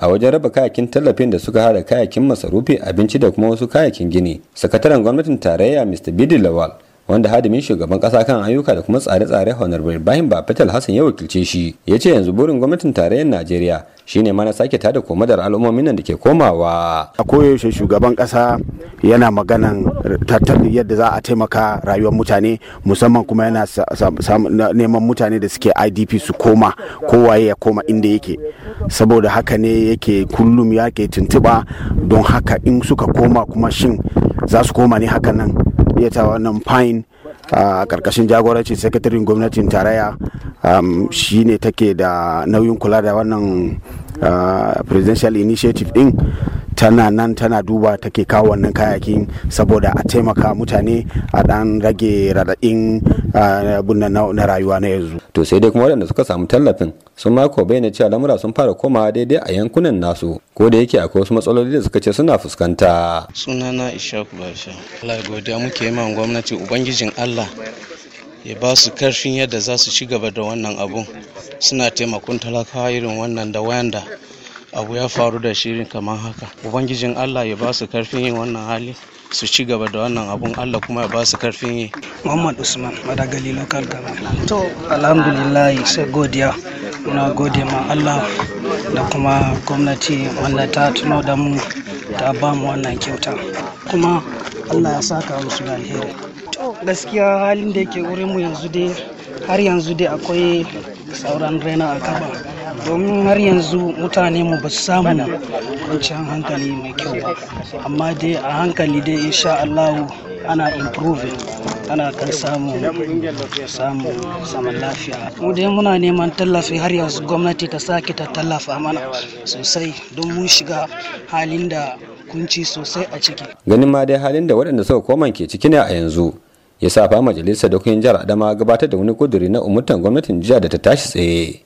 a wajen raba kayakin tallafin da suka hada kayakin masarufi abinci da kuma wasu kayakin gini sakataren gwamnatin tarayya mr bidi lawal wanda hadimin shugaban kasa kan ayyuka da kuma tsare-tsare honorable ibrahim bafatal hassan ya wakilce shi ya ce yanzu burin gwamnatin tarayyar najeriya shine mana sake tada komadar al'ummomin nan da ke komawa a koyaushe shugaban kasa yana maganan tattalin yadda za a taimaka rayuwar mutane musamman kuma yana neman mutane da suke idp su koma kowaye ya koma inda yake saboda haka ne yake kullum yake tuntuba don haka in suka koma kuma shin za su koma ne haka nan ta wannan fine a karkashin jagorancin sakatarin gwamnatin tarayya shi ne take da nauyin kula da wannan presidential initiative din tana nan tana duba take kawo wannan kayakin saboda a taimaka mutane a dan rage raɗaɗin na rayuwa na yanzu to sai dai kuma waɗanda suka samu tallafin sun mako bayyana cewa lamura sun fara komawa daidai a yankunan nasu ko da yake akwai wasu matsaloli da suka ce suna fuskanta sunana ishaku barsha Allah godiya muke yi gwamnati ubangijin Allah ya ba su karfin yadda za su ci gaba da wannan abun suna taimakon talakawa irin wannan da wayanda abu ya faru da shirin kamar haka ubangijin allah ya ba su karfin yin wannan hali su ci gaba da wannan abun allah kuma ya ba su karfin yi muhammad usman madagali local government to alhamdulillah sai godiya muna gode ma allah da kuma gwamnati wanda ta tuno da mu ta ba mu wannan kyauta kuma allah ya saka musu da alheri to gaskiya halin da yake wurin mu yanzu dai har yanzu dai akwai sauran raina a kaba domin har yanzu mutane mu ba su samu kwanciyar hankali mai kyau ba amma dai a hankali dai insha Allahu ana improving ana kan samun samun saman lafiya mu dai muna neman tallafi har yanzu gwamnati ta sake ta tallafa mana sosai don mun shiga halin da kunci sosai a ciki ganin ma dai halin da waɗanda suka koma ke ciki ne a yanzu ya sa fa da kuyin jihar adama gabatar da wani kuduri na umurtan gwamnatin jiya da ta tashi tsaye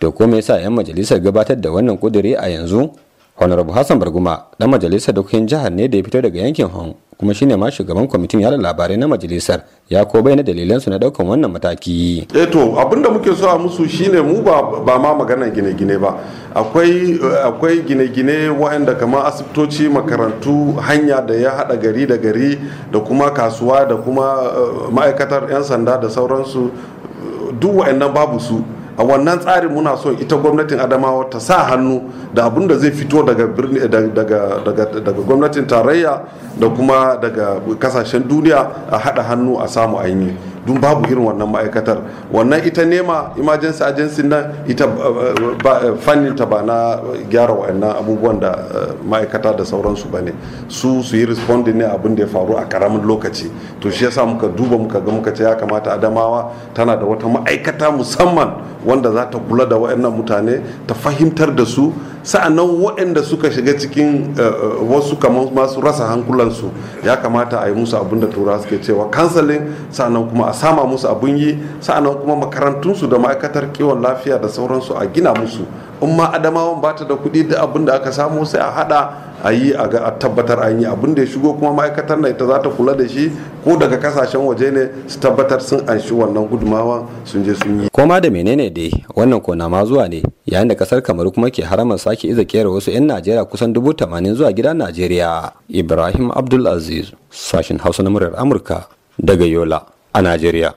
to ko me yasa yan majalisar gabatar da wannan kuduri a yanzu honorable hassan barguma dan majalisar dokokin jihar ne da ya fito daga yankin hong kuma shine ma shugaban kwamitin yada labarai na majalisar ya ko bayyana dalilan su na daukan wannan mataki eh to abinda muke so a musu shine mu ba ba ma magana gine-gine ba akwai akwai gine-gine waɗanda kamar asibitoci makarantu hanya da ya hada gari da gari da kuma kasuwa da kuma eh, ma'aikatar 'yan sanda da sauransu duk waɗannan babu su a wannan tsarin muna so ita gwamnatin adamawa ta sa hannu da abin da zai fito daga gwamnatin tarayya da kuma daga kasashen duniya a haɗa hannu a samu ainihi don babu irin wannan ma'aikatar wannan ita nema emergency agency nan ita uh, uh, fannin ta ba na gyara wa'annan abubuwan da uh, ma'aikata da sauransu ba ne su su yi responding ne abin da ya faru a karamin lokaci to shi yasa muka duba muka ga muka ce ya kamata adamawa tana da wata ma'aikata musamman wanda za ta kula da wa'annan mutane ta fahimtar da su sa'annan waɗanda suka shiga cikin eh, eh, wasu kamar masu rasa hankulansu ya kamata a yi musu abin da tura suke cewa kansalin sa'annan kuma a sama musu abin yi sa'annan kuma makarantunsu da ma'aikatar kiwon lafiya da sauransu a gina musu in ma adamawan ba ta da kuɗi da abin da aka samu sai a haɗa a yi a tabbatar an yi abin da ya shigo kuma ma'aikatar na ita za ta kula da shi ko daga kasashen waje ne su tabbatar sun anshi wannan gudumawa sun je sun yi koma da menene dai wannan na ma zuwa ne yayin da kasar kamaru kuma ke haramar sake iza kera wasu 'yan najeriya kusan dubu tamanin zuwa gidan najeriya ibrahim abdulaziz sashen hausa na muryar amurka daga yola a najeriya